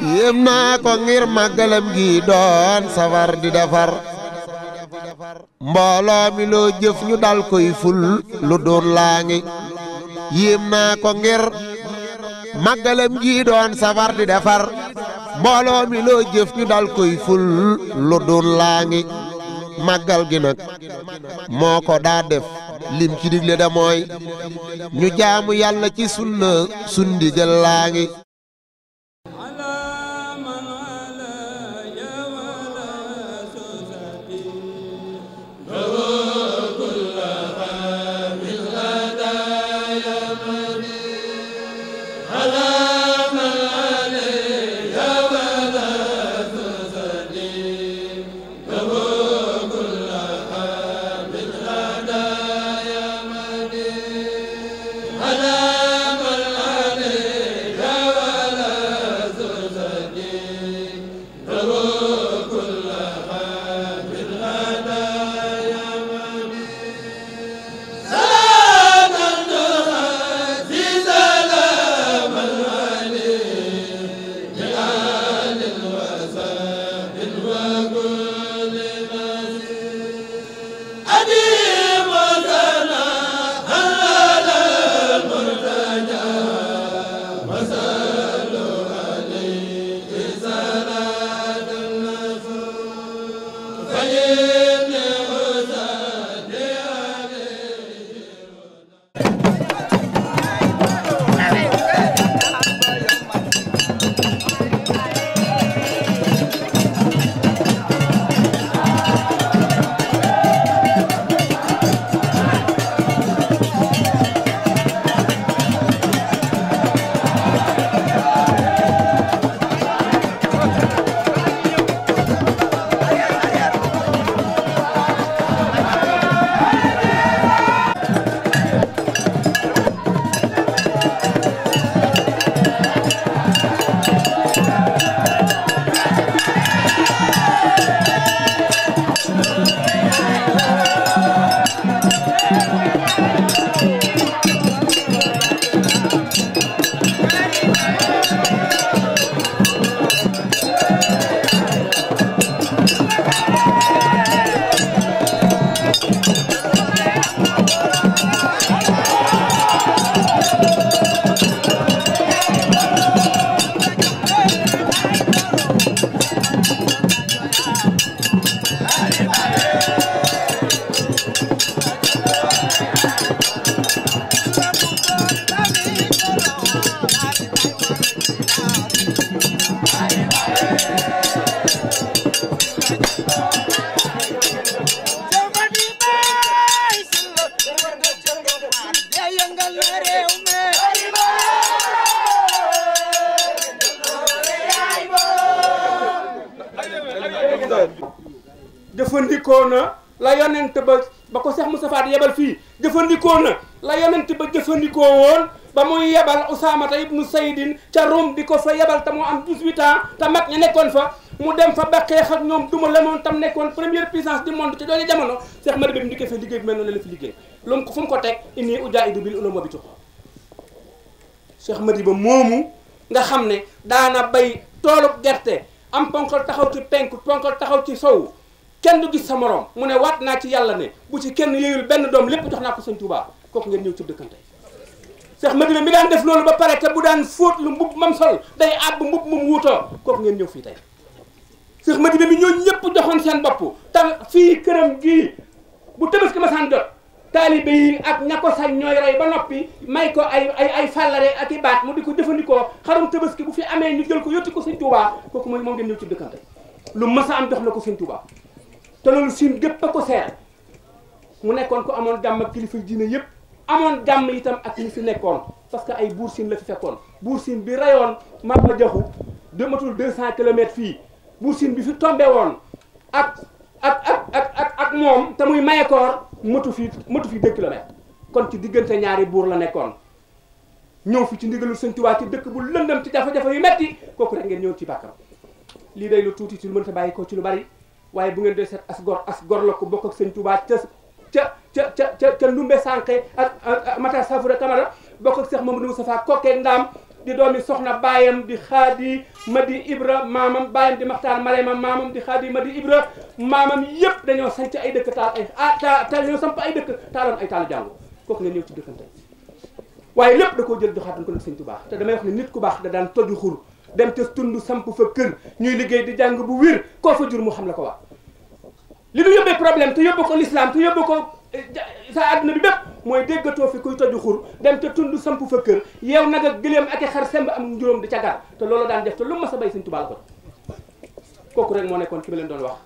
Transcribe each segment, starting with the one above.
yéem naa ko ngir màggalam gi doon safar di defar mbooloo mi loo jëf ñu dal koy ful lu doon laa ngi yéem naa ko ngir màggalam gi doon safar di defar mbooloo mi loo jëf ñu dal koy ful lu doon laa ngi màggal gi nag moo ko daa def lim ci digle da ñu jaamu yàlla ci sunna sun laa ngi jëfandikoo woon ba muy yebal Usaamata ibnu Saydin ca Rom di ko fa yebal te mu am 18 ans te mag ñi nekkoon fa mu dem fa ba xeex ak ñoom duma lemoon tam nekkoon première puissance du monde te doole jamono Cheikh Madi Ba mu dikkee fa liggéey bu mel mu ko teg inni ujaahidu bil ulum wa bi tuqwa Cheikh Madi Ba moomu nga xam ne daana bay toolub gerte am ponkal taxaw ci penku ponkal taxaw ci sow kenn du gis sa morom mu ne waat naa ci yàlla ne bu ci kenn yëyul benn doom lépp jox naa ko sëñ Tuubaa kooku ngeen ñëw ci dëkkante Cheikh Madina mi daan def loolu ba pare te bu daan fóot lu mbub mam sol day àbb mbub mum wuutoo kooku ngeen ñëw fii tey Cheikh Madina mi ñoo ñëpp joxoon seen bopp te fii këram gi bu Tabaski masaan jot taalibe yi ak ña ko sañ ñooy rey ba noppi may ko ay ay ay fàllare ak i baat mu di ko jëfandikoo xarum Tabaski bu fi amee ñu jël ko yotti ko Sëñ Tuubaa kooku mooy moom ngeen ñëw ci dëkkam tey lu mas a am jox na ko Sëñ Tuubaa te loolu siin gépp a ko seer mu nekkoon ko amoon jàmm kilifa diine yëpp amoon jàmm itam ak ñi si nekkoon parce que ay Buur Siin la fi fekkoon Buur Siin bi rayoon Maba Jaxu dematul 200 kilomètres fii Buur Siin bi fi tombé woon ak ak ak ak ak moom te muy mayekoor matu fi matu fi 2 kilomètres kon ci diggante ñaari buur la nekkoon ñëw fi ci ndigalul Sëñ Tuubaa ci dëkk bu lëndëm ci jafe-jafe yu metti kooku rek ngeen ñëw ci bàkkam lii day lu tuuti ci lu mënta bàyyi ko ci lu bari waaye bu ngeen dee set as gor as la ko bokk ak Sëñ Tuubaa ca ca ca ca ca ca Ndumbe Sànqe ak Matar Safura Kamara bokk ak Seex Mamadou Moustapha kokkee ndaam di doomi soxna baayam di xaadi madi ibra maamam baayam di maxtaar marema maamam di xaadi madi ibra maamam yëpp dañoo sanc ay dëkk taal ay ah dañoo samp ay dëkk taaloon ay taal jàngu kooku nga ñëw ci dëkkante waaye lépp da koo jël joxaat ko nag tu baax te damay wax ne nit ku baax da daan toju xur dem te tund samp fa kër ñuy liggéey di jàng bu wér koo fa jur mu xam la ko wax li ñu yóbbee ko Eh, sa àdduna bi bépp mooy déggatoo fi kuy toju xur dem te tund samp fa kër yow nag ak gëléem ak xar semb am juróom di ca te loolu daan def te lu ma sa bay sëñ Tuubaa la ko kooku rek moo nekkoon ki ma leen doon wax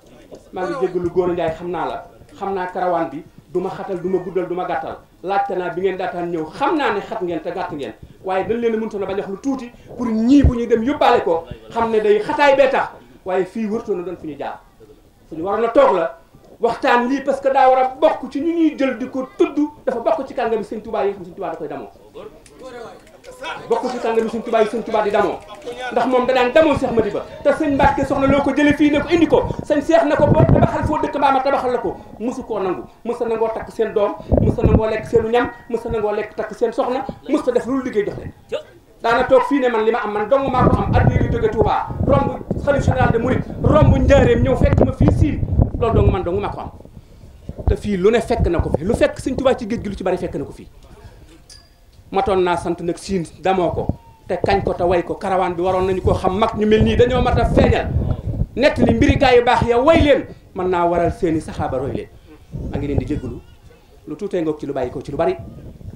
maa ngi jéggalu góor njaay xam naa la xam naa karawaan bi du ma xatal du ma guddal du ma gàttal laajte naa bi ngeen daataan ñëw xam naa ne xat ngeen te gàtt ngeen waaye dañ leen a mënutoon a bañ wax lu tuuti pour ñii bu ñuy dem yóbbaale ko xam ne day xataay bee tax waaye fii wërtoon na doon fi ñu jaar suñu waroon toog la waxtaan lii parce que daa war a bokk ci ñu ñuy jël di ko tudd dafa bokk ci kàngami Sëñ Tuubaa yi nga xam Sëñ Tuubaa da bokk ci kàngami Sëñ Tuubaa yi Sëñ Tuubaa di damoo ndax moom danaan daan damoo Seex Madiba te sëñ Mbàkke soxna loo ko jële fii ne ko indi ko sëñ Seex na ko boo tabaxal foo dëkk mbaama tabaxal la ko mosu koo nangu mos a nangoo takk seen doom mos a nangoo lekk seenu ñam mos a nangoo lekk takk seen soxna mos a def loolu liggéey jox leen daana toog fii ne man li ma am man dong maa ko am addi yu jóge Touba romb xalif de Mouride romb njaareem ñëw fekk ma fii siin loolu dong man dong maa ko am te fii lu ne fekk na ko fi lu fekk sëñ Touba ci géej ci bari fekk na ko fii matoon naa sant nag siin damoo ko te kañ ko te way ko karawaan bi waroon nañu koo xam mag ñu mel nii dañoo mat a feeñal nett li mbirikaay yu baax ya way leen mën naa waral seeni saxaaba roy leen maa ngi leen di jégalu lu tuutee ngoog ci lu bàyyi ko ci lu bari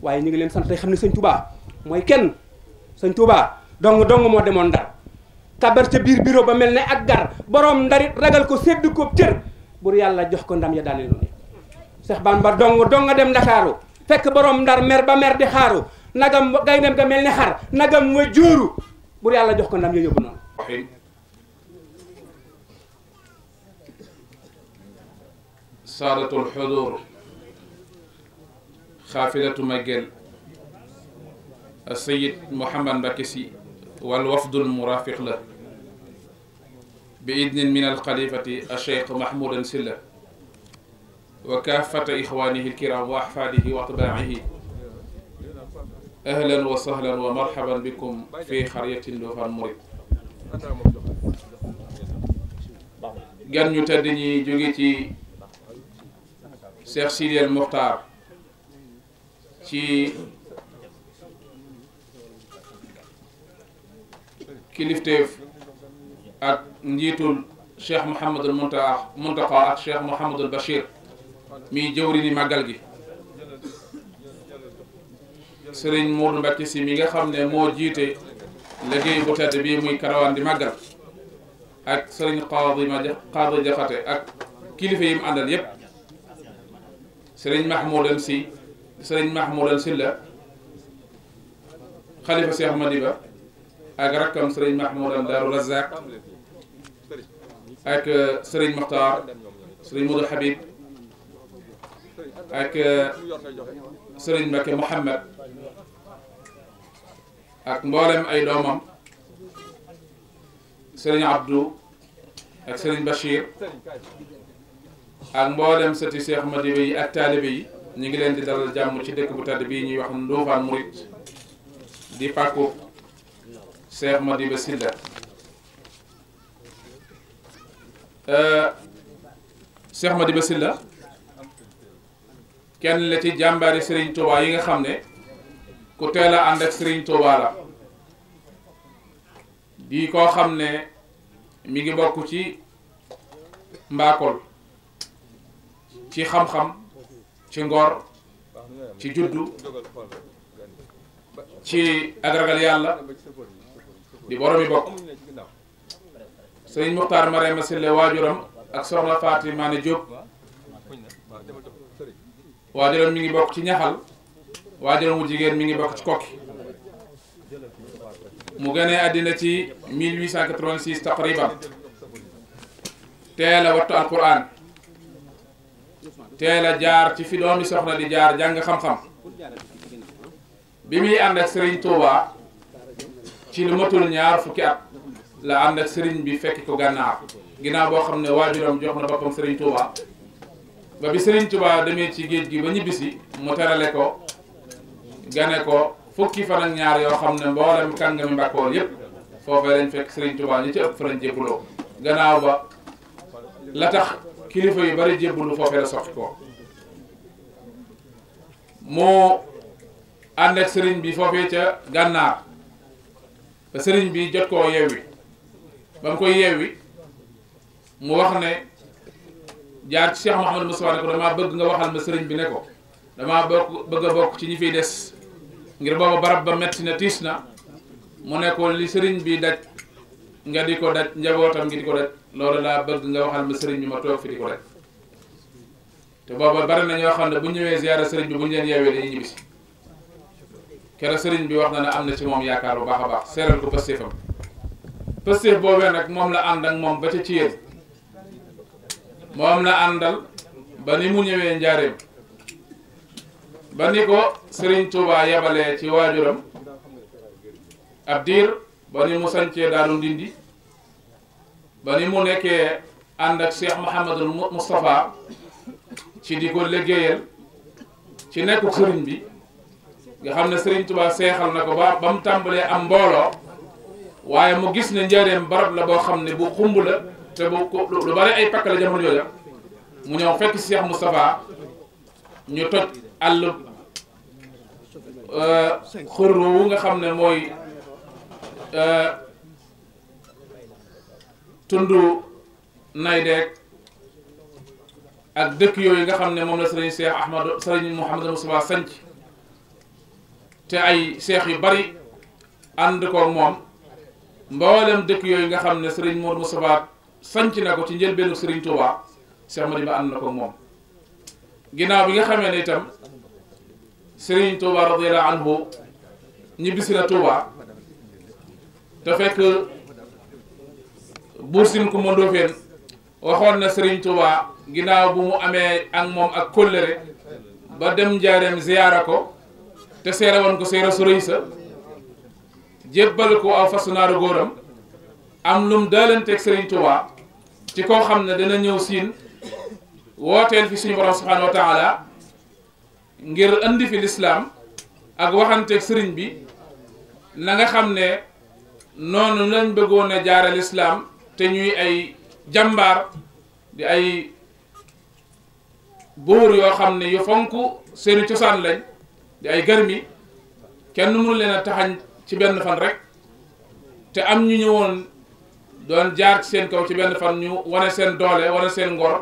waaye ñu ngi leen sant tey xam ne sëñ Touba sëñ Touba dong dong moo demoon ndar kabar ca biir bureau ba mel ni ak gar boroom ndarit ragal ko sédd ko cër bur yàlla jox ko ndam ya daane lu ne Cheikh Bamba dong dong dem ndakaaru fekk borom ndar mer ba mer di xaaru nagam gayndem ga mel ne xar nagam wa jóoru bur yàlla jox ko ndam ya yóbbu noonu sayid Mouhamad Mbacke si wal wafdul murafiq la bi idnin min alxalifati acheikh mahmoudan silla wa kaafata ixwaanihi alkiram wa ahfaadihi wa atbaacihi ahlan wa sahlan wa marhaban bikum fi xaryatin Ndofane Mouride gan ñu tedd ñi jóge ci Cheikh Sidel Mokhtar ci kilifteef ak njiitul cheikh Mouhamadul Muntaqa Muntaqa ak cheikh Mouhamadul Bachir mi ni màggal gi sëriñ Mourou Mbacke si mi nga xam ne moo jiite liggéey bu tedd bii muy karawaan di màggal ak sëriñ Qaadi ma Qaadi Jaxate ak kilifa yi mu àndal yépp sëriñ Mahmoudan si sëriñ Mahmoudan si la xalifa Cheikh ak rakkam sëriñ Mahmoudan Darou Razak ak euh, sëriñ Mokhtar sëriñ Modou Habib ak euh, sëriñ Mbacke Mouhamed ak mboolem ay doomam sëriñ Abdou ak sëriñ Bachir ak mboolem sëti Cheikh Madiba yi ak taalibe yi ñu ngi leen di dalal jàmm ci dëkk bu tàdd bii ñuy wax Ndofane Mouride di pàkku. Cheikh Madiba Sylla euh, Cheikh Madiba Sylla kenn la ci jàmbaari Serigne Touba yi nga xam ne ku teel a ànd ak Serigne Touba la di koo xam ne mi ngi bokk ci mbaakool ci xam-xam ci ngor ci juddu ci ak yàlla di boromi bokk sëriñ Muxtaar Marème Sille waajuram ak soxna Fatima ne Diop waajuram mi ngi bokk ci ñaxal waajuram wu jigéen mi ngi bokk ci kokki mu gënee àddina ci 1886 taqriban teel a wattu alquran teel jaar ci fi doomi soxna di jaar jàng xam-xam bi muy ànd ak sëriñ Touba. ci lu matul ñaar fukki at la ànd ak sëriñ bi fekki ko gànnaar ginnaaw boo xam ne waajuram jox na boppam sëriñ Touba ba bi sëriñ Touba demee ci géej gi ba ñibbisi mu terale ko gane ko fukki fan ak ñaar yoo xam ne mboolem kàngami mbàkkoon yépp foofee lañ fekk sëriñ Touba ñu ci ëpp farañ jébbuloo gannaaw ba la tax kilifa yu bari jébbulu foofee la soxi ko moo ànd ak sëriñ bi foofee ca gànnaar ba sëriñ bi jot koo yewwi ba mu koy yewwi mu wax ne jaar ci Cheikh Mouhamadou Moustapha ne ko damaa bëgg nga waxal ma sëriñ bi ne ko damaa bokk bëgg bokk ci ñi fiy des ngir booba barab ba metti na tiis na mu ne ko li sëriñ bi daj nga di ko daj njabootam ngi di ko daj loolu laa bëgg nga waxal ma sëriñ bi ma toog fi di ko daj te booba bari na xam ne bu ñëwee ziyaara sëriñ bi bu ñu leen yeewee dañuy ñibbisi keroog sëriñ bi wax na ne am na ci moom yaakaar bu baax a baax seeral ko pëstéefam pëstéef boobee nag moom la ànd ak moom ba ca ci yéen moom la àndal ba ni mu ñëwee njaareem ba ni ko sëriñ Touba yabalee ci waajuram ab diir ba ni mu sancee daaru ndindi ba ni mu nekkee ànd ak Cheikh Mouhamadul Moustapha ci di ko liggéeyal ci nekkuk sëriñ bi nga xam ne Serigne Touba seexal na ko ba ba mu tàmbalee am mbooloo waaye mu gis ne njëriñam barab la boo xam ne bu xumb la te bu lu bari ay pakk la jamono jooja mu ñëw fekk Cheikh Moustapha ñu toj àll euh, xur nga xam ne mooy euh, tund nay deeg ak dëkk yooyu nga xam ne moom la sëriñ Cheikh Ahmad sëriñ Mouhamadou Moustapha sanc te ay seex yu bari ànd ko moom mboolem dëkk yooyu nga xam ne sëriñ Mor Moustapha sanc na ko ci njëlbeenu sëriñ Touba Seex Madima ànd na ko moom ginaaw bi nga xamee ne itam sëriñ Touba radiyallahu anhu ñibbisi na Touba te fekk buur sin ku mëndoofeen waxoon na sëriñ Touba ginaaw bu mu amee ak moom ak kóllëre ba dem njaareem ziyaara ko te seere woon ko seere su sa jébbal ko aw fasu naaru góoram am lum daalanteeg Sëriñ Tuubaa ci koo xam ne dana ñëw siin wooteel fi suñu borom subhaanahu wa ngir andi fi lislaam ak waxanteeg sëriñ bi na nga xam ne noonu lañ bëggoon a jaare lislaam te ñuy ay jàmbaar di ay buur yoo xam ne yu fonk seeni cosaan lañ di ay garmi kenn mënu leen a taxañ ci benn fan rek te am ñu ñëwoon doon jaar ci seen kaw ci benn fan ñu wane seen doole wane seen ngor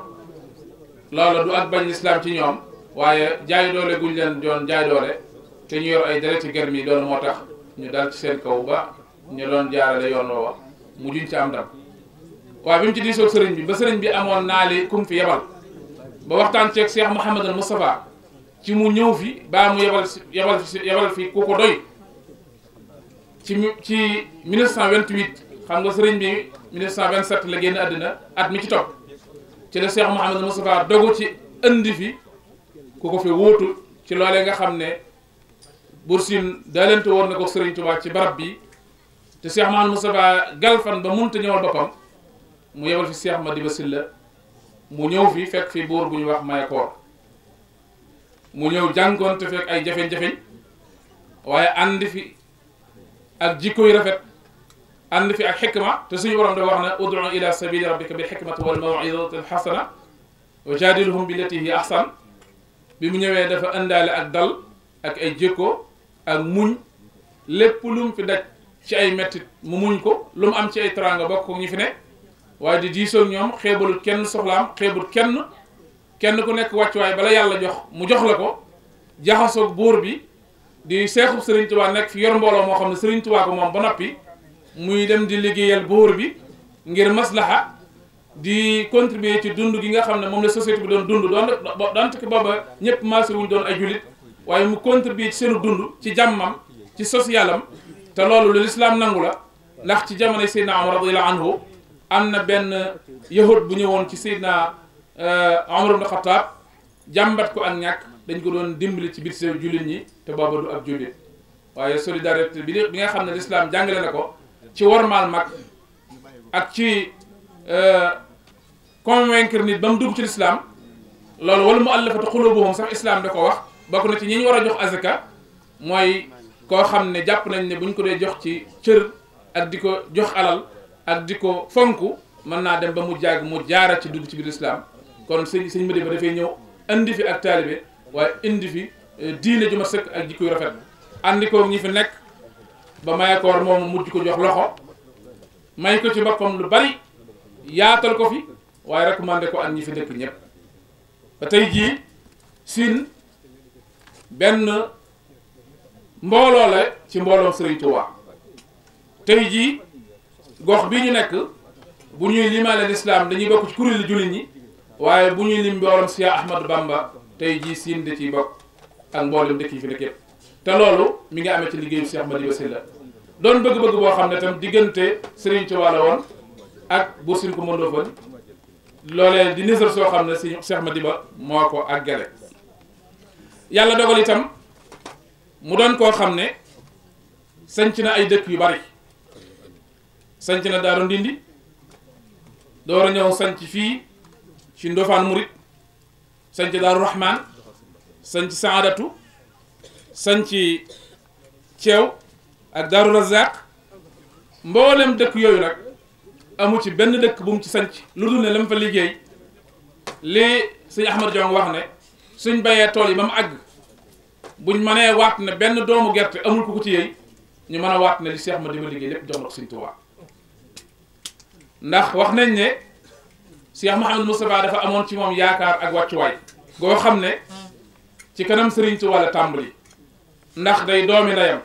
loola du ak bañ lislaam ci ñoom waaye jaay doole guñ leen doon jaay doole te ñu yor ay dereti garmi doon moo tax ñu dal ci seen kaw ba ñu doon jaarale yoon woowa mu juñ ci am ndam waaye bi mu ci diisoo sëriñ bi ba sëriñ bi amoon naa naali kum fi yebal ba waxtaan ceeg Cheikh Mouhamadul Moustapha ci mu ñëw fi baa mu yebal si yebal fi yebal fi ku ko doy ci ci 1928 xam nga sëriñ bi vingt 1927 la génn àddina at mi ci topp ci la Cheikh Mouhamadou Moustapha dogu ci indi fi ku ko fi wóotu ci loolee nga xam ne Buur Siin daalante woon na ko sëriñ Tuubaa ci barab bi te Cheikh Mouhamadou Moustapha galfan ba munta ñëwal boppam mu yebal fi Cheikh Madiba Sylla mu ñëw fi fekk fi buur bu ñu wax Mayakoor mu ñëw jànkoon te fekk ay jafeñ-jafeñ waaye ànd fi ak jikko yu rafet ànd fi ak xikma te suñu borom da wax ne ud'u ila sabili rabbika bil xikmati wal maw'izati al xasana wa jaadilhum billati hi ahsan bi mu ñëwee dafa ëndaale ak dal ak ay jikko ak muñ lépp lu mu fi daj ci ay mettit mu muñ ko lu mu am ci ay teraanga bokk ko ñu fi ne waaye di diisoog ñoom xeebalut kenn soxlaam xeebul kenn kenn ku nekk wàccuwaay bala yàlla jox mu jox la ko jaxasoog buur bi di seexub Serigne Touba nekk fi yor mbooloo moo xam ne Serigne Touba ko moom ba noppi muy dem di liggéeyal buur bi ngir maslaha di contribuer ci dund gi nga xam ne moom la société bi doon dund doon donte ko booba ñëpp maasé wuñ doon ay jullit waaye mu contribuer ci seenu dund ci jàmmam ci socialam te loolu lu lislaam nangu la ndax ci jamonoy Seydina Omar radiyallahu anhu am na benn bu ñëwoon ci Seydina Euh, Omar ibn Khattab jàmbat ko ak ñàkk dañ ko doon dimbali ci biir seen jullit ñi te booba du ab jullit waaye solidarité bi bi nga xam ne lislaam jàngale na ko ci wormaal mag ak ci euh, convaincre nit ba mu dugg ci lislaam loolu wala mu allafata xulubuhum sax islaam da ko wax bokk na ci ñi ñu war a jox azaka mooy koo xam ne jàpp nañ ne bu ñu ko dee jox ci cër ak di ko jox alal ak di ko fonk mën naa dem ba mu jàgg mu jaara ci dugg ci biir lislaam kon sëñ sëñ Madiba dafay ñëw indi fi ak taalibe waaye indi fi eh, diine ju ma sëkk ak jikko yu rafet andi ko ñi fi nekk ba mayakoor moom mujj ko jox loxo may ko ci boppam lu bari yaatal ko fi waaye recommandé ko ak ñi fi dëkk ñëpp ba tey jii Sine benn mbooloo ci mbooloom Serigne Touba tey jii gox bi ñu nekk bu ñuy limaale lislaam dañuy bokk ci kuréelu jullit ñi waaye bu ñuy lim boolam Cheikh Ahmadou Bamba tey jii siin da ci bokk ak mboolem dëkk yi fi nekk te loolu mi ngi amee ci liggéeyu Cheikh Madiba Sylla doon bëgg-bëgg boo xam ne tam diggante Serigne Touba la woon ak Buur Sine Coumba Ndoffène loolee di nisar soo xam ne si Cheikh Madiba moo ko ak gale yàlla dogal itam mu doon koo xam ne sanc na ay dëkk yu bari sanc na Daaru Ndindi door a ñëw sanc fii ci Ndofane Mouride sanc Daaru Rahman sanc Saadatu sanc Ceew ak Daaru Razaq mboolem dëkk yooyu nag amu ci benn dëkk bu mu ci sanc lu dul ne la fa liggéey lii sëñ Ahmad Diong wax ne suñ bayee tool yi ba mu àgg buñ mënee waat ne benn doomu gerte amul ku ko ci yëy ñu mën a waat ne li Seex ma di ma liggéey lépp jox la ko Sëñ Tuubaa ndax wax nañ ne Cheikh Mouhamadou Moustapha dafa amoon ci moom yaakaar ak waay goo xam ne ci kanam Serigne Touba la tàmbali ndax day doomi ndeyam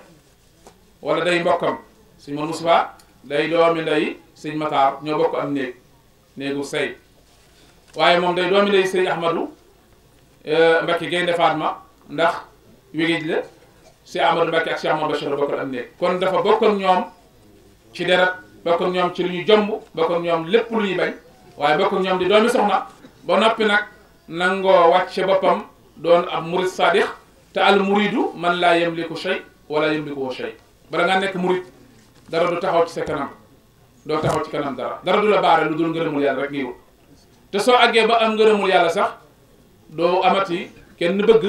wala day mbokkam sëñ Mouhamadou Moustapha day doomi ndey sëñ Matar ñoo bokk am néeg néegu sey waaye moom day doomi ndey sëñ Ahmadou euh, Mbacke Gaynde Fatma ndax wégéej la Cheikh Amadou Mbacke ak Cheikh Amadou Bachir la am néeg kon dafa bokkoon ñoom ci deret bokkoon ñoom ci lu ñu jomb bokkoon ñoom lépp lu ñu bañ waaye bokk ñoom di doomi soxna ba noppi nag nangoo wàcce boppam doon am murid sadiq te al muridu man laa yamliku shay wala yamliku shay bala nga nekk murid dara du taxaw ci sa kanam doo taxaw ci kanam dara dara du la baare lu dul ngërëmul yàlla rek ngay wut te soo àggee ba am ngërëmul yàlla sax doo amati kenn bëgg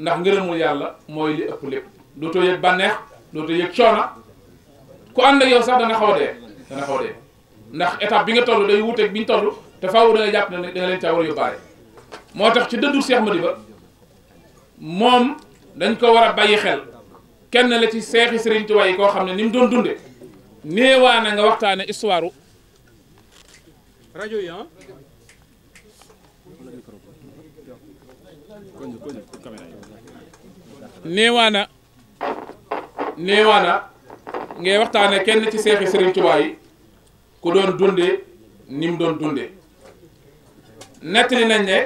ndax ngërëmul yàlla mooy li ëpp lépp dootoo yëg bànneex dootoo yëg coona ku ànd ak yow sax dana xaw dee dana xaw dee ndax étape bi nga toll dañu wuuteeg bi ñu toll te faaw da jàpp ne da nga leen caa war a yóbbaale moo tax ci dëddu Cheikh Madiba moom dañ ko war a bàyyi xel kenn la ci seexi Serigne Touba yi koo xam ne ni mu doon dunde néewaana nga waxtaane histoire rajo yi ah néewaana néewaana ngay waxtaane kenn ci seexi Serigne Touba yi ku doon dundee ni doon dundee nettali nañ ne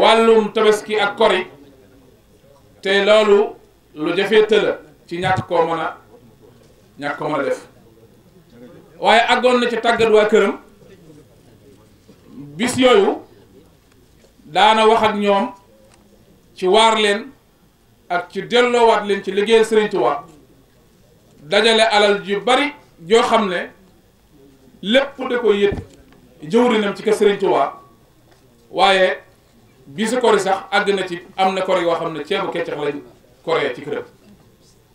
wàllum tabaski ak kori te loolu lu jafee tëla ci ñàkk koo mën ñàkk koo mën def waaye àggoon na ci tàggat waa këram bis yooyu daana wax ak ñoom ci waar leen ak ci delloowaat leen ci liggéeyal Sëriñ dajale alal ju bari joo xam ne lépp da ko yët jëwrinam ci kër Serigne Touba waaye bi su kori sax àgg na ci am na kor yoo xam ne ceebu keccax lañ koree ci këram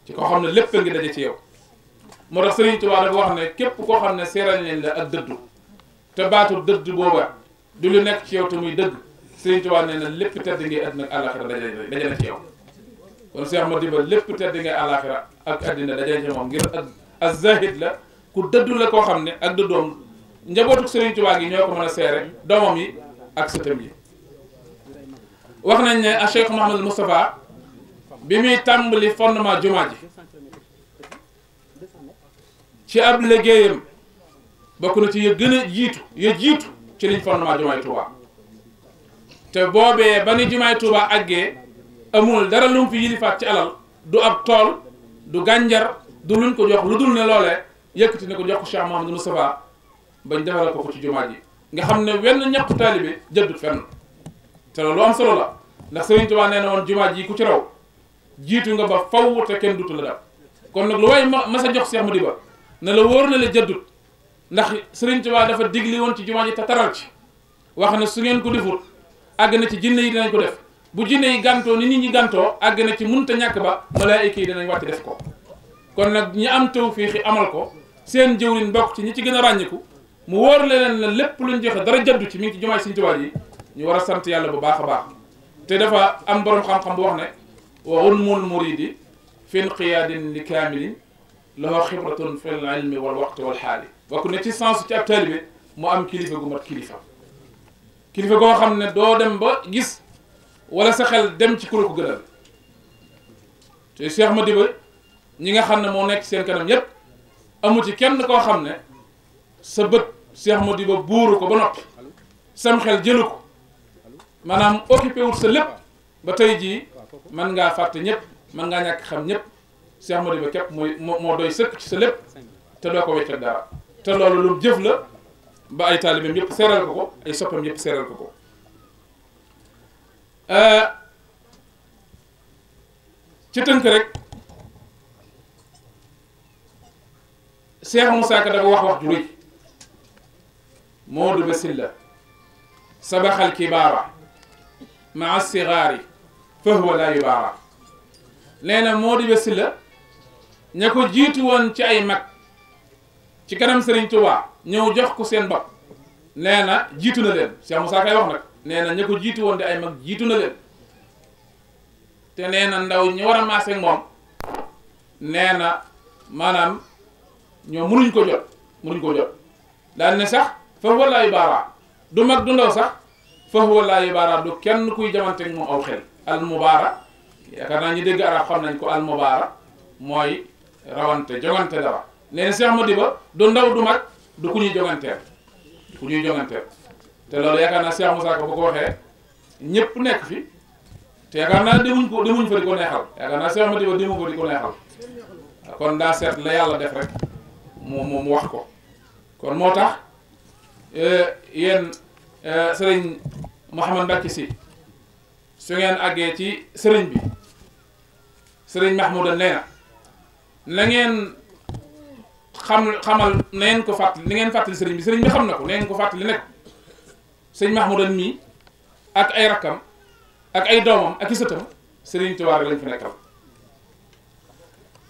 ci koo xam ne lépp a ngi daje ci yow moo tax Serigne Touba dafa wax ne képp ko xam ne seerañ leen la ak dëddu te baatu dëdd booba du lu nekk ci yow te muy dëgg Serigne Touba ne na lépp tedd ngay àddina ak àllaaxira daje daje na ci yow kon Cheikh Madiba lépp tedd ngay àllaaxira ak àddina daje na ci moom ngir ak zahid la ku dëddu la koo xam ne ak dëddoom njabootu Serigne Touba gi ñoo ko mën a seere doomam yi ak sëtam yi wax nañ ne a Cheikh Mouhamadou Moustapha bi muy tàmbali fondement jumaa ji ci ab liggéeyam bokk na ci ya gën a jiitu ya jiitu ci liñ fondement jumaay Touba te boobee ba ni jumaay Touba àggee amul dara lu mu fi ci alal du ab tool du gànjar du luñ ko jox lu dul ne loolee yëkkati ne ko jox ko Cheikh Mouhamadou Moustapha bañ defal ko ko ci jumaa ji nga xam ne wenn ñàkku taalibe jëddut fenn te loolu am solo la ndax Serigne Touba nee na woon jumaa ji ku ci raw jiitu nga ba faw te kenn dutu la dab kon nag lu waay mas a jox Cheikh Madi Ba ne la wóor na la jëddut ndax Serigne Touba dafa digli woon ci jumaa ji te taral ci wax ne su ngeen ko defut àgg na ci jinne yi dinañ ko def bu jinne yi gàntoo ni ñu ñi gàntoo àgg na ci munta ñàkk ba malaayika yi dinañ wàcc def ko kon nag ñi am fii tawfiix amal ko seen jëwriñ bokk ci ñi ci gën a ràññiku mu wóor leen la lépp luñ joxe dara jaddu ci mi ngi ci jumaay Sëriñ Tuubaa yi ñu war a sant yàlla bu baax a baax te dafa am borom xam-xam bu wax ne wa ulmul muridi fi inqiyaadin li kaamilin lahu xibratun fi l ilmi wal waqti wal ne ci sens ci ab taalibe mu am kilifa gu mat kilifa kilifa goo xam ne doo dem ba gis wala sa xel dem ci ku la ko gënal te Cheikh Madiba ñi nga xam ne moo nekk seen kanam yépp amu ci kenn koo xam ne sa bët Cheikh Modibo buuru ko ba noppi sam xel jëlu ko maanaam occupé wul sa lépp ba tey jii man ngaa fàtte ñëpp man ngaa ñàkk xam ñëpp Cheikh Modibo képp mooy moo doy sëkk ci sa lépp te doo ko weccat dara te loolu lu jëf la ba ay taalibeem yëpp seeral ko ko ay soppam yëpp seeral ko ko euh, ci tënk rek Cheikh Moussa Ka dafa wax wax ju rëy Modou Ba Silla sabaxal kibaara maa sigaari fa huwa laa yubaara nee na Modou Ba Silla ña ko jiitu woon ci ay mag ci kanam Serigne Touba ñëw jox ko seen bopp nee na jiitu na leen Cheikh Moussa Ka wax nag nee na ña ko jiitu woon di ay mag jiitu na leen te nee na ndaw ñu war a maase moom nee na maanaam ñoom mënuñ ko jot mënuñ ko jot daal ne sax fa wallaayu baara du mag du ndaw sax fa wallaayu baara du kenn kuy jamanteeg moom aw xel al mubaara yaakaar naa ñu dégg arab xam nañ ko al mubaara mooy rawante jogante dara nee na Cheikh du ndaw du mag du ku ñuy joganteel du ku ñuy joganteel te loolu yaakaar naa Cheikh Moussa ko ko nekk fi te yaakaar naa demuñ ko demuñ fa di ko neexal yaakaar naa Cheikh Madiba demu fa di ko neexal kon daa seet la yàlla def rek moom moom wax ko kon moo tax eh, yéen eh, sëriñ Mouhamad Mbacke si su ngeen àggee ci sëriñ bi sëriñ Mahmouda nee na na ngeen xam xamal na ngeen ko fàttali ni ngeen fàttali sëriñ bi sëriñ bi xam na ko na ko fàttali nag sëriñ Mahmouda mii ak ay rakkam ak ay doomam ak i sëtam sëriñ Tuubaa lañ fa nekkal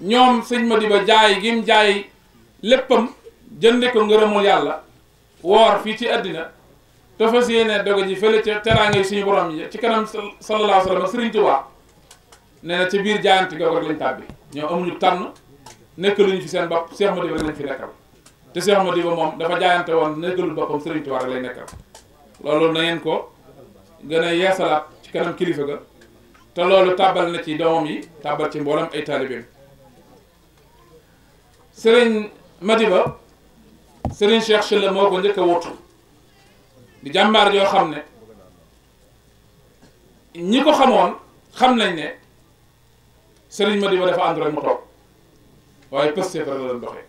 ñoom sëñ Madiba jaay gim jaay. léppam jënde ko ngërëmul yàlla woor fii ci àddina te fas yéene doge ji fële ca teraange suñu borom yi ci kanam sallallahu alayhi wa sallam Sëriñ Tuubaa nee na ci biir jaayante googu rek lañ tàbbi ñoo amuñu tànn nekkaluñu fi seen bopp Cheikh Madiba lañ fi nekkal te ma Madiba moom dafa jaayante woon nekkalul boppam Sëriñ Tuubaa rek lay nekkal loolu na ngeen ko gën a yeesalaat ci kanam kilifa ga te loolu tàbbal na ci doomam yi tàbbal ci mboolam ay taalibeem sëriñ Madiba Serigne Cheikh Sylla moo ko njëkk a di jàmbaar yoo xam ne ñi ko xamoon xam nañ ne Serigne Madiba dafa ànd rek mu toog waaye pëstee fa la doon doxee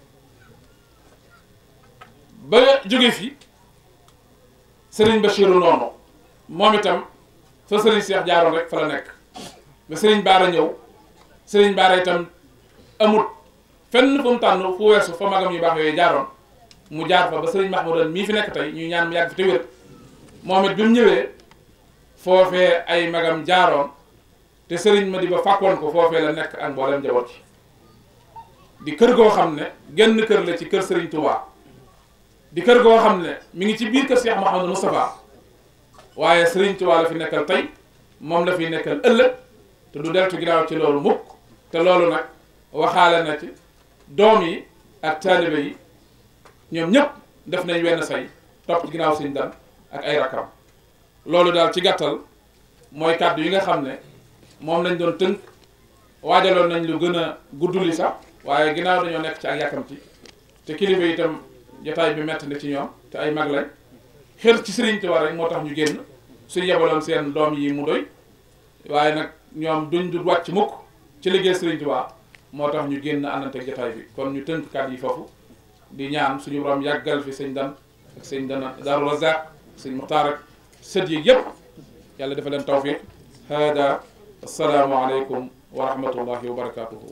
ba jóge fi Serigne Bachirou noonu moom itam fa Serigne Cheikh jaaroon rek fa la nekk ba Serigne Baara ñëw Serigne Baara itam amut. fenn fu mu tànn fu weesu fa magam yu baax yooyu jaaroon mu jaar fa ba sëriñ Mahmoudan mii fi nekk tey ñuy ñaan mu yàgg fi te wér moom it bi mu ñëwee foofee ay magam jaaroon te sëriñ ma di ba fàkkoon ko foofee la nekk ak mboolem njaboot yi di kër goo xam ne genn kër la ci kër sëriñ Touba di kër goo xam ne mi ngi ci biir kër Cheikh Mouhamadou Moustapha waaye sëriñ Touba la fi nekkal tey moom la fi nekkal ëllëg te du deltu ginnaaw ci loolu mukk te loolu nag waxaale na ci doom yi ak taalibe yi ñoom ñëpp def nañ wenn say topp ci ginnaaw sëñ dan ak ay rakam loolu daal ci gàttal mooy kàddu yi nga xam ne moom lañ doon tënk waajaloon nañ lu gën a gudduli sax waaye ginnaaw dañoo nekk ci ak yàkkamti te kilifa tam jotaay bi metti na ci ñoom te ay mag lañ xër ci sëriñ Tuubaa rek moo tax ñu génn suñ yebaloon seen doom yi mu doy waaye nag ñoom duñ du wàcc mukk ci liggéey sëriñ Tuubaa moo tax ñu génn àndante jotaay bi kon ñu tënk kàddu yi foofu di ñaan suñu borom yàggal fi sëñ dan ak sëñ dana Daaru Razaq sëñ Muxtaar ak sët yi yëpp yàlla dafa leen tawfiq hada assalaamu aleykum wa rahmatullahi wa barakatuhu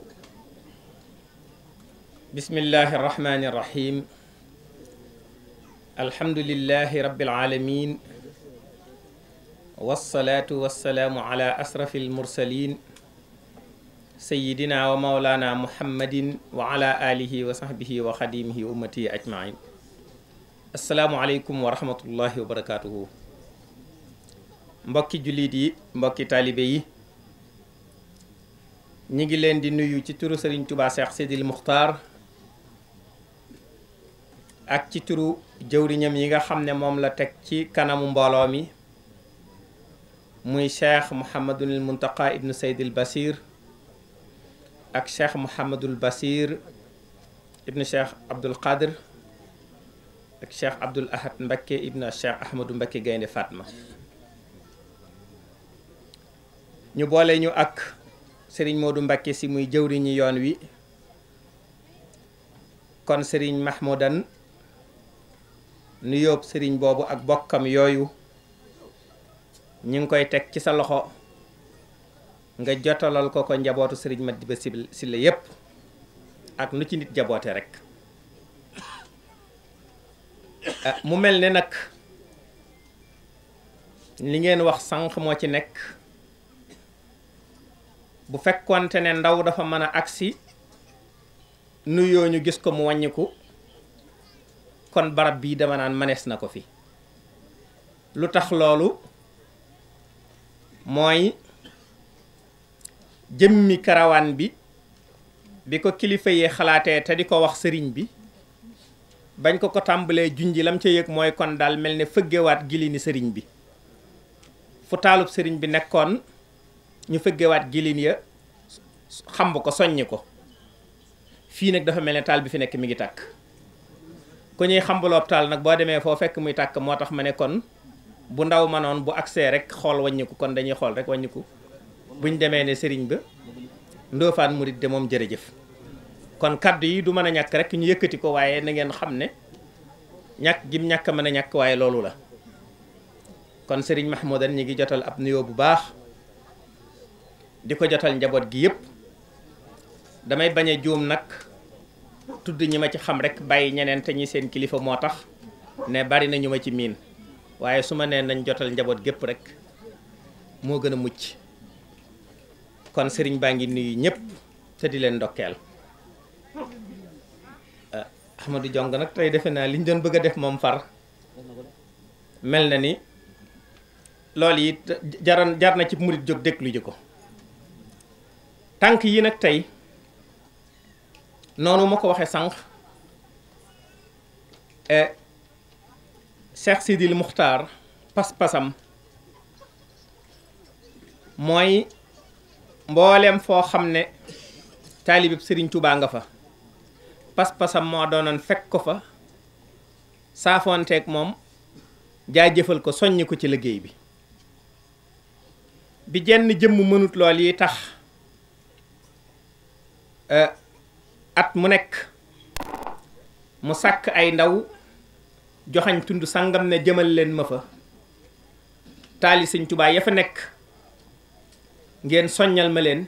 bismillahi arrahmani arrahim alhamdulillahi rabbil alamin والصلاة والسلام على أسرف المرسلين sayidina wa maulana muhammadin wa ala alihi wa sahbihi wa xadimihi wa ummati ajmain asalaamualeykum wa rahmatullahi wa barakatuhu mbokki jullit yi mbokki taalibe yi ñu ngi leen di nuyu ci turu sëriñ tubaa seex sidil muxtaar ak ci turu jëwriñam yi nga xam ne moom la teg ci kanamu mbooloo mi muy cheikh muhammadunil muntaqa ibnu saydil basir ak cheikh Mouhamadul Basir ibnu cheikh Abdul Qadir ak cheikh Abdul Ahad Mbakke ibnu ñu boole ñu ak sëriñ moodu Mbakke si muy jëwriñu yoon wi kon sëriñ Mahmoudan nu yóbbu Serigne boobu ak bokkam yooyu ñu ngi koy teg ci sa loxo. nga jotalal ko ko njabootu sëriñ Madiba Sylla yépp ak nu ci nit jaboote rek ah, mu mel ni nag li ngeen wax sànq moo ci nekk bu fekkonte ne ndaw dafa mën a agsi nuyoo ñu gis ko mu wàññiku kon barab bii dama naan manees na ko fi lu tax loolu mooy jëmmi karawan bi bi ko kilifa yee xalaatee te di ko wax sëriñ bi bañ ko ko tàmbalee junji lam ca yëg mooy kon daal mel ne fëggewaat gilini sëriñ bi fu taalub sëriñ bi nekkoon ñu fëggewaat gilin ya xamb ko soññ ko fii nag dafa mel ne taal bi fi nekk mi ngi tàkk ku ñuy xambaloob taal nag boo demee foo fekk muy tàkk moo tax ma ne kon bu ndaw ma noon bu agsee rek xool wàññiku kon dañuy xool rek wàññiku bu ñu demee ne sëriñ ba ndoofaan murit de moom jërëjëf kon kàddu yi du mën a ñàkk rek ñu yëkkati ko waaye na ngeen xam ne ñàkk gim ñàkk mën a ñàkk waaye loolu la kon sëriñ Mahmoudan ñi ngi jotal ab nuyoo bu baax di ko jotal njaboot gi yëpp damay bañ a juum nag tudd ñi ma ci xam rek bàyyi ñeneen te ñi seen kilifa moo tax ne bari na ñu ma ci miin waaye su ma nee nañ jotal njaboot gépp rek moo gën a mucc kon sëriñ baa ngi nuyu ñëpp te di leen ndokkeel ah, Ahmadou Jong nag tey defe naa liñ doon bëgg a def moom far mel na ni loolu yi jaran jar na ci murit jóg déglu ko tànk yi nag tey noonu ma ko waxee sànq eh, Cheikh Sidil Muxtaar pas-pasam mooy mbooleem foo xam ne taalibib sëriñ tubaa nga fa pas-pasam moo doonoon fekk ko fa saafoonteeg moom jaajëfal ko soññ ko ci liggéey bi bi jenn jëmm mënut lool yi tax euh, at mu nekk mu sàkk ay ndaw joxañ tund sangam ne jëmal leen ma fa taali sëñ Touba fa nekk ngeen soññal ma leen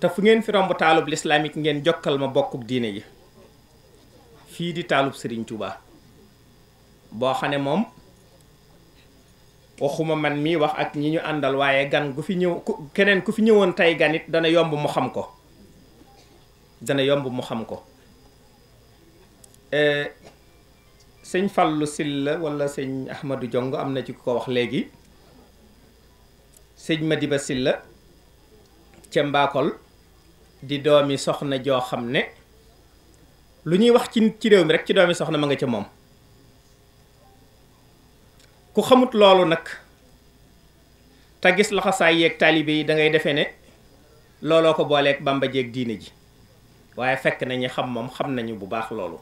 te fu ngeen fi romb taalub islamique ngeen jokkal ma bokkuk diine yi fii di taalub sëriñ Touba boo xam ne moom waxuma man mii wax ak ñi ñu àndal waaye gan gu fi ñëw ku keneen ku fi ñëwoon tey ganit dana yomb mu xam ko dana yomb mu xam ko eh, sëñ Fallou Sylla wala sëñ Ahmadou Jongo am na ci ko wax léegi di Madiba Sylla ca mbaakol di doomi soxna joo xam ne lu ñuy wax ci ci réew mi rek ci doomi soxna ma nga ca moom ku xamut loolu nag te gis laxasaay yeeg taalibe yi dangay defe ne looloo ko booleeg Bàmba jeeg diine ji waaye fekk nañu xam moom xam nañu bu baax loolu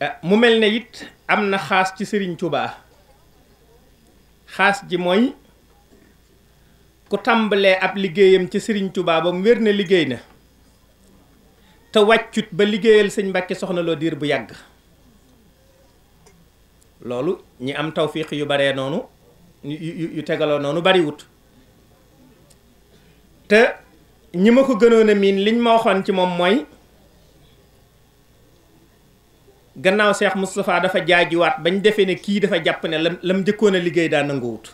eh, mu mel ne it am na xaas ci Sëriñ Tuubaa xaas ji mooy ku tàmbalee ab liggéeyam ci sëriñ tubaabam wér na liggéey na te wàccut ba liggéeyal sëñ Mbàkke soxna loo diir bu yàgg loolu ñi am tawfiq yu baree noonu yu tegaloo noonu bariwut te ñi ma ko gënoona miin liñ ma waxoon ci moom mooy gannaaw seex Moustapha dafa jaajuwaat bañ defee ne kii dafa jàpp ne lam lam njëkkoon a liggéey daa nanguwut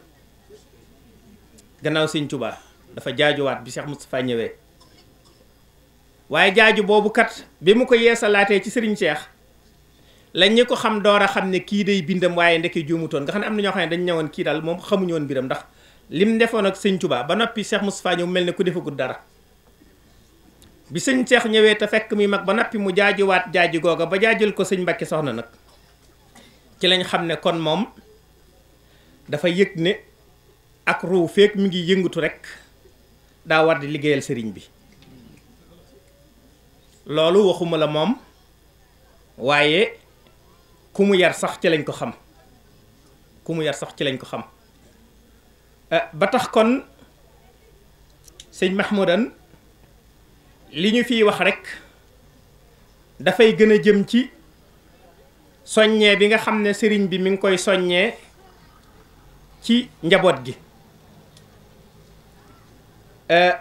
gannaaw sëñ Tuubaa dafa jaajuwaat bi Cheikh Moustapha ñëwee waaye jaaju boobu kat bi mu ko yeesalaatee ci sëriñ Cheikh lañ ñi ko xam door a xam ne kii day bindam waaye ndekki juumutoon nga xam ne am na ñoo xam ne dañ ñëwoon kii daal moom xamuñu woon mbiram ndax lim defoon ak sëñ Tuubaa ba noppi Cheikh Moustapha ñëw mel ne ku defagul dara bi sëñ Cheikh ñëwee te fekk mi mag ba noppi mu jaajuwaat jaaju googa ba jaajul ko sëñ Mbàkke soxna nag ci lañ xam ne kon moom dafa yëg ne ak ruu mu ngi yëngatu rek daa war di liggéeyal sëriñ bi loolu waxuma la moom waaye ku mu yar sax ci lañ ko xam ku mu yar sax ci lañ ko xam eh, ba tax kon sëñ Mahmoudan li ñu fi wax rek dafay gën a jëm ci soññee bi nga xam ne sëriñ bi mi ngi koy soññee ci njaboot gi Eh,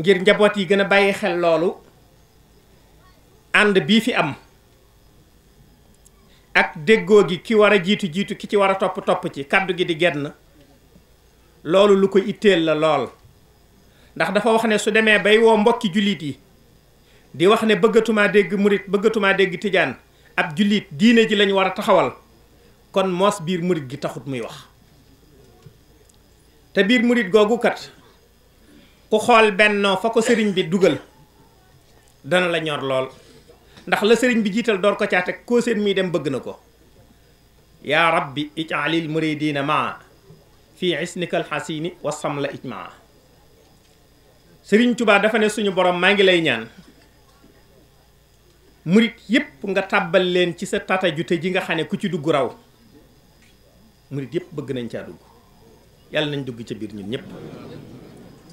ngir njaboot yi gën a bàyyi xel loolu ànd bii fi am ak déggoo gi ki war a jiitu jiitu ki ci war a topp topp ci kàddu gi di genn loolu lu ko itteel la lool ndax dafa wax ne su demee bay woo mbokki jullit yi di wax ne bëggatumaa dégg murit bëggatumaa dégg tijaan ab jullit diine ji lañu war a taxawal kon moos biir murit gi taxut muy wax te biir murit googu ku xool bennoo fa ko sëriñ bi dugal dana la ñor lool ndax la sëriñ bi jiital door ko caate koo seen muy dem bëgg na ko yaa rabbi ijaalil muridina maa fii isnikal xasini wasam la ijmaa sëriñ Tuubaa dafa ne suñu boroom maa ngi lay ñaan murit yépp nga tàbbal leen ci sa tata jute ji nga xam ne ku ci dugg raw murit yépp bëgg nañ caa dugg yàlla nañ dugg ca biir ñun ñépp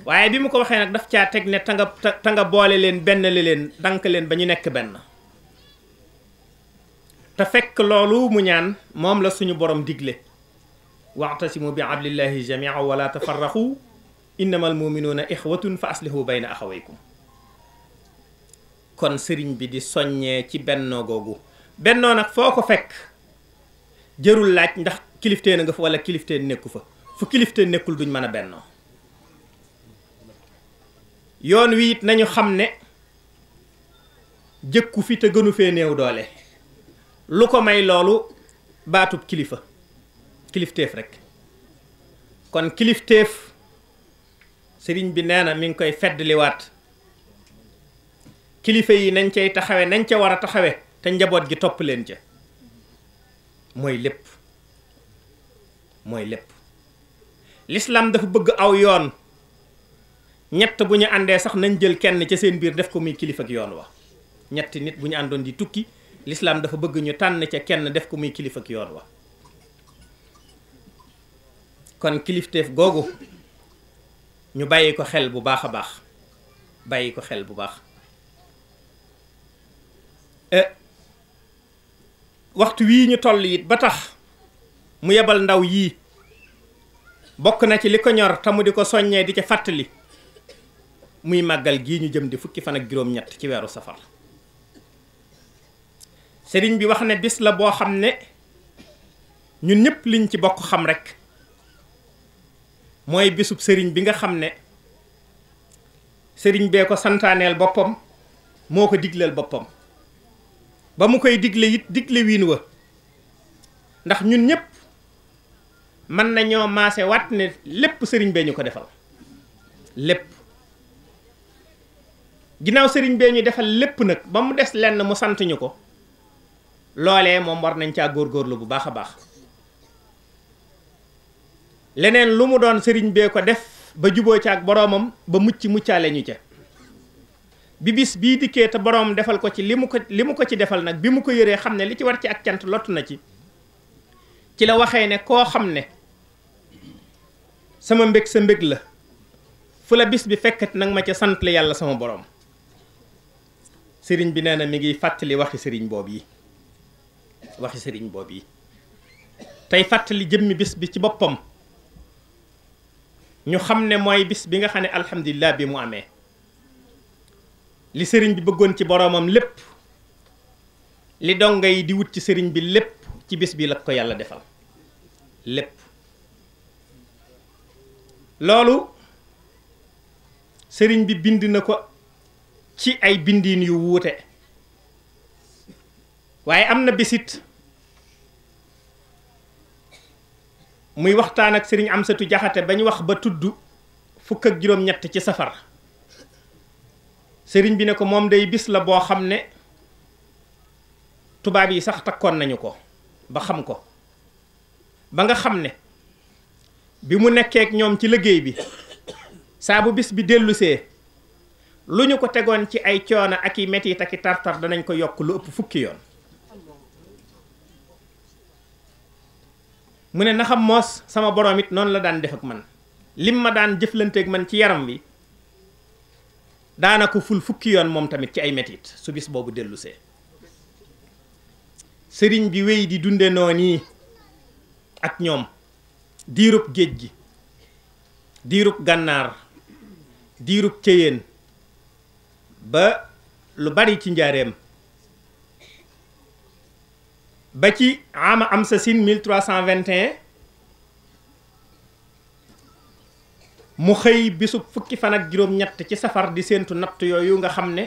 waaye bi mu ko waxee nag daf caa teg ne ta nga ta nga boole leen benn li leen dank leen ba ñu nekk benn te fekk loolu mu ñaan moom la suñu borom digle mu bi hablillahi jamia wala tafarraxu innama almuminuuna ixwatun fa aslihu bayna axawaykum kon sëriñ bi di soññee ci benn googu bennoo nag foo ko fekk jërul laaj ndax kilifteen na nga fa wala kilifteen nekku fa fu kilifteen nekkul duñ mën a bennoo yoon wi nañu xam ne jëkku fi te gënu fee néew doole lu ko may loolu baatub kilifa kilifteef rek kon kilifteef sëriñ bi nee na mi ngi koy feddliwaat kilifa yi nañ cay taxawe nañ ca war a taxawe te njaboot gi topp leen ca mooy lépp mooy lépp l'islam dafa bëgg aw yoon ñett bu ñu àndee sax nañ jël kenn ca seen biir def ko muy kilifa ak yoon wa ñetti nit bu ñu doon di tukki lislaam dafa bëgg ñu tànn ca kenn def ko muy kilifa ak yoon wa kon kilifteef googu ñu bàyyi ko xel bu baax a baax bàyyi ko xel bu baax eh, waxtu wii ñu toll it ba tax mu yebal ndaw yii bokk na ci li ko ñor te mu di ko soññee di ca fàttali muy màggal gii ñu jëm di fukki fan ak juróom-ñett ci weeru safar sëriñ bi wax ne bis la boo xam ne ñun ñëpp liñ ci bokk xam rek mooy bisub sëriñ bi nga xam ne sëriñ bee ko santaaneel boppam moo ko digleel boppam ba mu koy digle it digle wiin wa ndax ñun ñëpp mën nañoo maase wat ne lépp sëriñ bee ñu ko defal lépp. ginnaaw sëriñ bee ñu defal lépp nag ba mu des lenn mu sant ñu ko loole moom war nañ góor góorgóorlu bu baax a baax leneen lu mu doon sëriñ bee ko def ba juboo ca ak boroomam ba mucc muccaale ñu ca bi bis bii dikkee te boroom defal ko ci li mu ko li mu ko ci defal nag bi mu ko yëree xam ne li ci war ci ak cant lott na ci ci la waxe ne koo xam ne sama mbég sa mbég la fu la bis bi fekkat nag ma ca sant la yàlla sama boroom sëriñ bi nee na mi ngi fàttali waxi sëriñ boobu yi waxi sëriñ boob yi tey fàttali jëmmi bis bi ci boppam ñu xam ne mooy bis bi nga xam ne alhamdulilah bi mu amee li sëriñ bi bëggoon ci boroomam lépp li donga yi di ci sëriñ bi lépp ci bis bi la ko yàlla defal lépp loolu sëriñ bi bind na ko ci ay bindiin yu wuute waaye am na bisit muy waxtaan ak sëriñ Amsatu Jaxate ba ñu wax ba tudd fukk ak juróom-ñett ci safar sëriñ bi ne ko moom day bis la boo xam ne tubaab yi sax takkoon nañu ko ba xam ko ba nga xam ne bi mu nekkeek ñoom ci liggéey bi saa bu bis bi dellusee lu ñu ko tegoon ci ay coono ak i metit ak i tartar danañ ko yokk lu ëpp fukki yoon mu ne na xam moos sama borom it noonu la daan def ak man lim ma daan jëflanteeg man ci yaram wi daana ko ful fukki yoon moom tamit ci ay metit su bis boobu dellusee sëriñ bi wéy di dunde noonu yi ak ñoom diirub géej gi diirub gànnaar diirub cëyeen ba lu bari ci njaareem ba ci ama am sa sin 1321 mu xëy bisub fukki fan ak juróom-ñett ci safar di séentu natt yooyu nga xam ne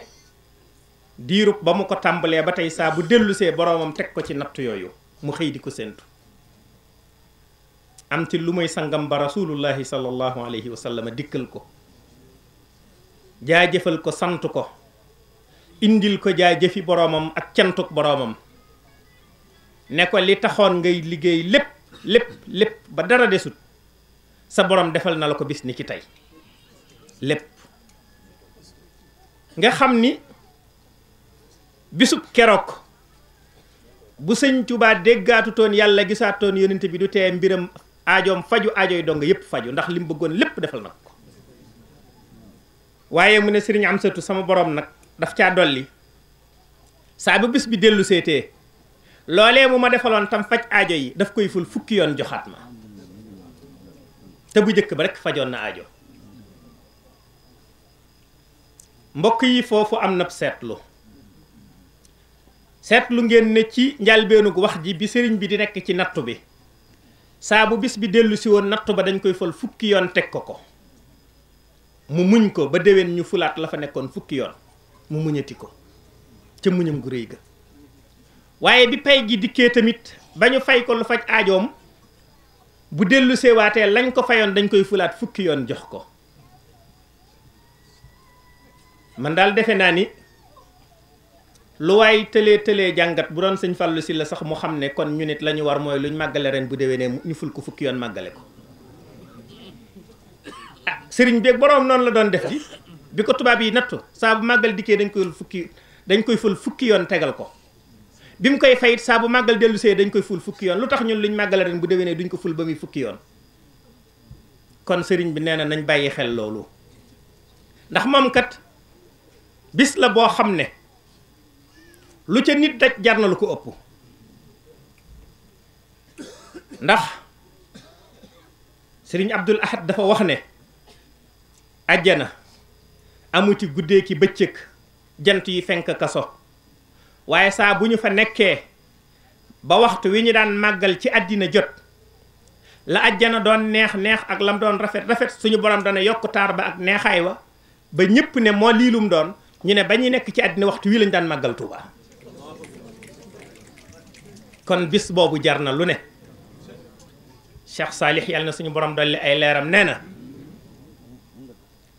diirub ba mu ko tàmbalee ba tey saa bu dellusee boroomam teg ko ci natt yooyu mu xëy di ko séentu am ci lu muy sangam ba rasulullahi sallallahu alayhi wa sallam dikkal ko jaajëfal ko sant ko indil ko jaajëfi boroomam ak cantuk boroomam ne ko li taxoon ngay liggéey lépp lépp lépp ba dara desut sa boroom defal na la ko bis ni ci tey lépp nga xam ni bisub keroog bu sëñ Tuubaa déggaatutoon yàlla gisaatoon yonent bi du tee mbiram aajoom faju aajoy dong yépp faju ndax li mu bëggoon lépp defal na ko waaye mu ne sëriñ Amsatu sama boroom nag daf caa dolli saa bu bis bi dellu seetee loolee mu ma defaloon tam faj aajo yi daf koy ful fukki yoon joxaat ma te bu njëkk ba rek fajoon na ajo mbokk yi foofu am na seetlu seetlu ngeen ne ci njalbeenug wax ji bi sëriñ bi di nekk ci nattu bi saa bu bis bi dellu si woon nattu ba dañ koy fal fukki yoon teg ko ko mu muñ ko ba déwén ñu fulaat la fa nekkoon fukki yoon mu muñati ko ca muñam gu rëy ga waaye bi pay gi dikkee tamit ba ñu fay ko lu faj aajoom bu dellu seewaatee lañ ko fayoon dañ koy fulaat fukki yoon jox ko man daal defe naa ni lu waay tëlee tëlee jàngat bu doon sëñ Fallou la sax mu xam ne kon ñu nit la ñu war mooy luñ màggale ren bu déwénee ñu ful ko fukki yoon màggale ko sëriñ bi ak boroom noonu la doon def ci bi ko tubaab yi nattu saa bu màggal dikkee dañ koy fukki dañ koy ful fukki yoon tegal ko bi mu koy fayit saa bu màggal dellu see dañ koy ful fukki yoon lu tax ñun luñ màggale ren bu déwénee duñ ko ful ba muy fukki yoon kon sëriñ bi nee na nañ bàyyi xel loolu ndax moom kat bis la boo xam ne lu ca nit daj jar na lu ko ëpp ndax sëriñ Abdul Ahad dafa wax ne ajjana amuti guddee ki bëccëg jant yi fenk kaso waaye saa bu ñu fa nekkee ba waxtu wi ñu daan màggal ci àddina jot la ajjana doon neex neex ak lam doon rafet rafet suñu borom dana yokkutaar ba ak neexaay wa ba ñëpp ne moo liilum doon ñu ne ba ñuy nekk ci àddina waxtu wi lañu daan màggal Tuuba kon bis boobu jar na lu ne Cheikh Saalix yàlla na suñu borom dolli ay leeram nee na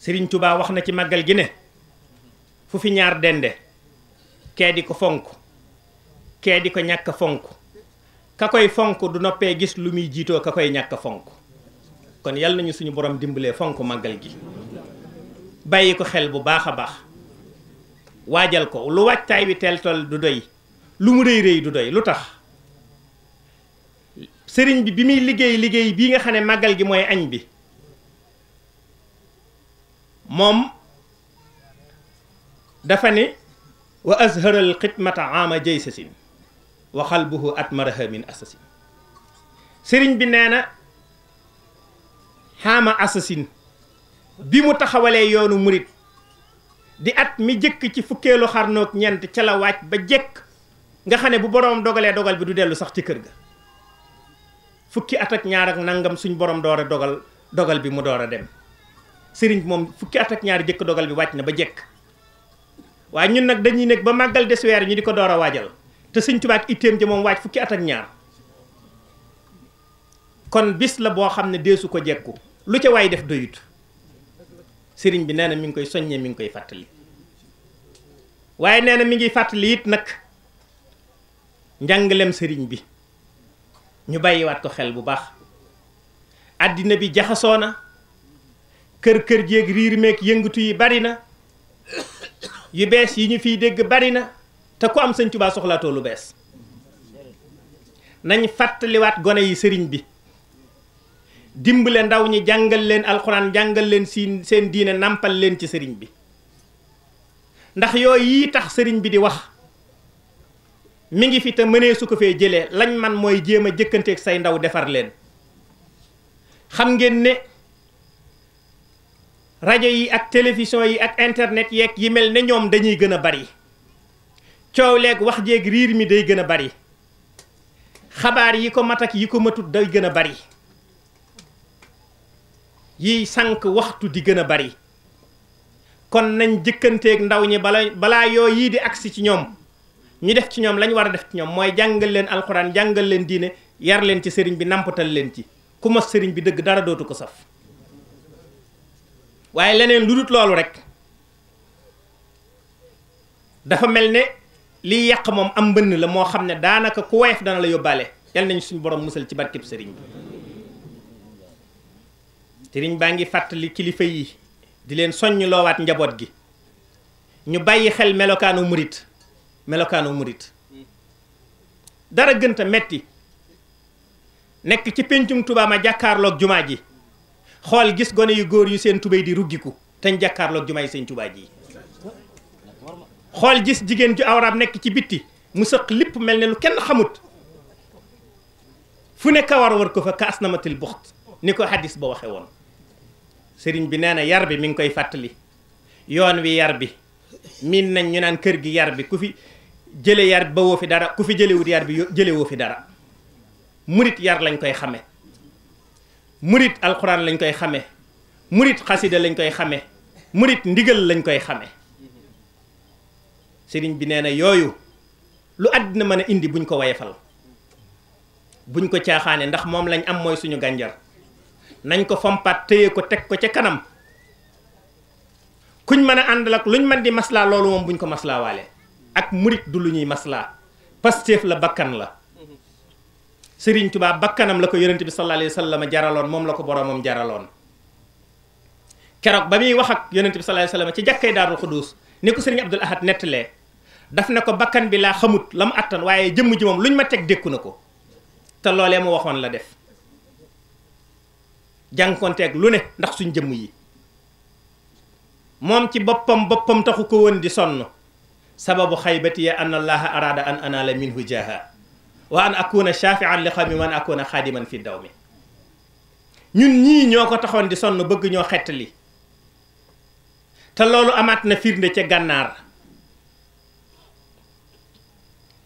Sëriñ Tuubaa wax na ci màggal gi ne fu fi ñaar dende kee di ko fonk kee di ko ñàkk fonk ka koy fonk du noppee gis lu muy jiitoo ka koy ñàkk fonk kon yal nañu suñu borom dimbalee fonk màggal gi bàyyi ko xel bu baax a baax waajal ko lu waajtaay wi teel tol du doy lu mu rëy rëy du doy lu tax sëriñ bi bi muy liggéey liggéey bii nga xam ne màggal gi mooy añ bi moom dafa ne wa azharal xidmata ama jay sasin wa xalbuhu at min asasin sëriñ bi nee na xaama asasin bi mu taxawalee yoonu murit di at mi jëkk ci fukkeelu xarnoog ñeent ca la wàcc ba jëkk nga xam ne bu boroom dogalee dogal bi du dellu sax ci kër ga fukki at ak ñaar ak nangam suñ borom door a dogal dogal bi mu door a dem sëriñ bi moom fukki at ak ñaari jëkk dogal bi wàcc na ba jekk waaye ñun nag dañuy nekk ba màggal des weer ñu di ko door a waajal te sëñ Tuubaa ak ja moom wàcc fukki at ak ñaar kon bis la boo xam ne deesu ko jekku lu ca waay def doyut sëriñ bi nee na mi ngi koy soññee mi ngi koy fàttali waaye nee na mi ngi fàttali it nag njàngalem sëriñ bi ñu bàyyiwaat ko xel bu baax àddina bi jaxasoo na kër kër jéeg riir meeg yëngatu yi bari na yu bees yi ñu fiy dégg bari na te ku am sëñ Tuubaa soxlaatoo lu bees nañ fàttaliwaat gone yi sëriñ bi dimbale ndaw ñi jàngal leen alxuraan jàngal leen si seen diine nàmpal leen ci sëriñ bi ndax yooyu yi tax sëriñ bi di wax mu ngi fi te mënee su ko fee jëlee lañ man mooy jéem a jëkkanteeg say ndaw defar leen xam ngeen rajo yi ak télévision yi ak internet yeeg yi mel ne ñoom dañuy gën a bari coow leeg wax jeeg riir mi day gën a bari xabaar yi ko mat ak yi ko matut day gën a bari yi sànq waxtu di gën a bari kon nañ jëkkanteeg ndaw ñi bala balaa yoo yii di agsi ci ñoom ñu def ci ñoom lañ war a def ci ñoom mooy jàngal leen alxuraan jàngal leen diine yar leen ci sëriñ bi nampatal leen ci ku mos sëriñ bi dëgg dara dootu ko saf waaye leneen lu dut loolu rek dafa mel ne liy yàq moom am mbënn la moo xam ne daanaka ku woyof dana la yóbbaale yal nañ suñu borom musal ci barkeb sëriñ bi sëriñ baa ngi fàttali kilifa yi di leen soññ loowaat njaboot gi ñu bàyyi xel melokaanu murit melokaanu murit dara gënta metti nekk ci péncum Tuubaa ma jàkkaarloog jumaa ji xool gis gone yu góor yu seen tubéy di ruggiku teñ jàkkaarloog jumaay seen tubaa ji xool gis jigéen ju awraam nekk ci bitti mu sëq lépp mel ne lu kenn xamut fu ne kawar war ko fa ka asnamatil buxt ni ko hadis ba waxe woon sëriñ bi nee na yar bi mi ngi koy fàttali yoon wi yar bi miin nañ ñu naan kër gi yar bi ku fi jële yar ba woo fi dara ku fi jëlewut yar bi jële woo fi dara murit yar lañ koy xame murit alxuraan lañ koy xamee murit xasida lañ koy xamee murit ndigal lañ koy xamee sëriñ bi nee na yooyu lu àddina mën a indi buñ ko wayefal buñ ko caaxaane ndax moom lañ am mooy suñu gànjar nañ ko fompat téye ko teg ko ca kanam kuñ mën a àndal ak lu luñ mën di maslaa loolu moom buñ ko waale ak murit du lu ñuy maslaa Pastef la bakkan la Serigne tubaab bakkanam la ko yonent bi sallallahu alayhi wa sallam jaraloon moom la ko boromam jaraloon keroog ba muy wax ak yonent bi sallallahu alayhi wa sallam ci jàkkay Daarul Xuduus ni ko Serigne Abdul Ahad nettalee daf ne ko bakkan bi laa xamut la mu attan waaye jëmm ji moom lu ñu ma teg dékku na ko te loolee mu waxoon la def jànkonteeg lu ne ndax suñ jëmm yi moom ci boppam boppam taxu ko woon di sonn sababu xaybati ya an allaha araada an anaala minhu jaha ak wa an akuna mi li xawmi wa an akuna xaadiman fi daw mi ñun ñii ñoo ko taxoon di sonn bëgg ñoo xettali te loolu amaat na firnde ca gànnaar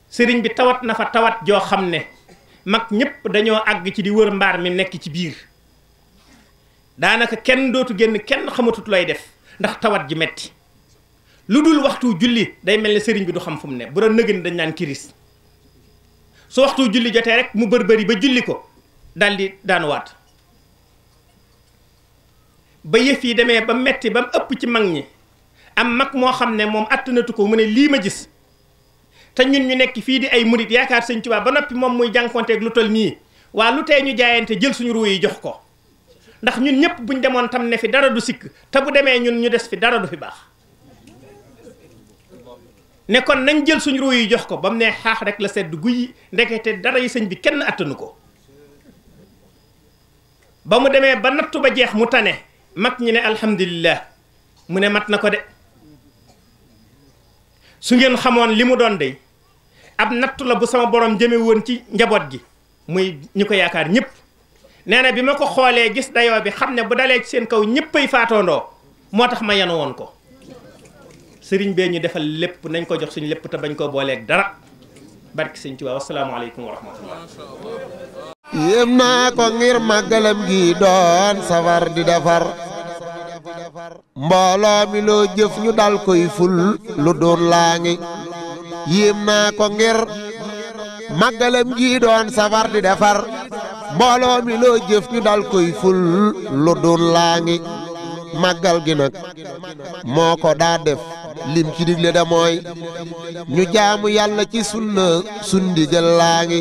sëriñ bi tawat na fa tawat joo xam ne mag ñépp dañoo àgg ci di wër mbaar mi nekk ci biir daanaka kenn dootu génn kenn xamatut looy def ndax tawat ji metti lu dul waxtu julli day mel ni sëriñ bi du xam fu mu ne bu doon nëgën dañ naan kiris su waxtu julli jotee rek mu bërbëri ba julli ko daldi daanuwaat ba yëf yi demee ba metti ba ëpp ci mag ñi am mag moo xam ne moom attanatu ko mu ne lii ma gis te ñun ñu nekk fii di ay murit yaakaar sëñ Tuubaa ba noppi moom muy jànkonteeg lu toll nii waa lu tee ñu jaayante jël suñu ruu yi jox ko ndax ñun ñëpp buñ demoon tam ne fi dara du sikk te bu demee ñun ñu des fi dara du fi baax ne kon nañ jël suñu ruu yi jox ko ba mu ne xaax rek la sedd guy ndekete dara yi sëñ bi kenn attanu ko ba mu demee ba nattu ba jeex mu tane mag ñi ne alhamdulillah mu ne mat na ko de su ngeen xamoon li mu doon de ab nattu la bu sama borom jëme woon ci njaboot gi muy ñi ko yaakaar ñëpp nee na bi ma ko xoolee gis dayoo bi xam ne bu dalee ci seen kaw ñëppay faatoondoo moo tax ma yanu woon ko sëriñ bee ñu defal lépp nañ ko jox suñu lépp te bañ koo booleeg dara barki sëñ Tuubaa wasalaamaaleykum wa rahmatullah yéem naa ko lu doon laa ngi yéem naa ko ngir màggalam gi doon safar di defar mbooloo mi loo jëf ñu dal koy ful lu laa ngi màggal gi nag moo ko daa def lim ci digle da ñu jaamu yàlla ci sunna sundi jël laa ngi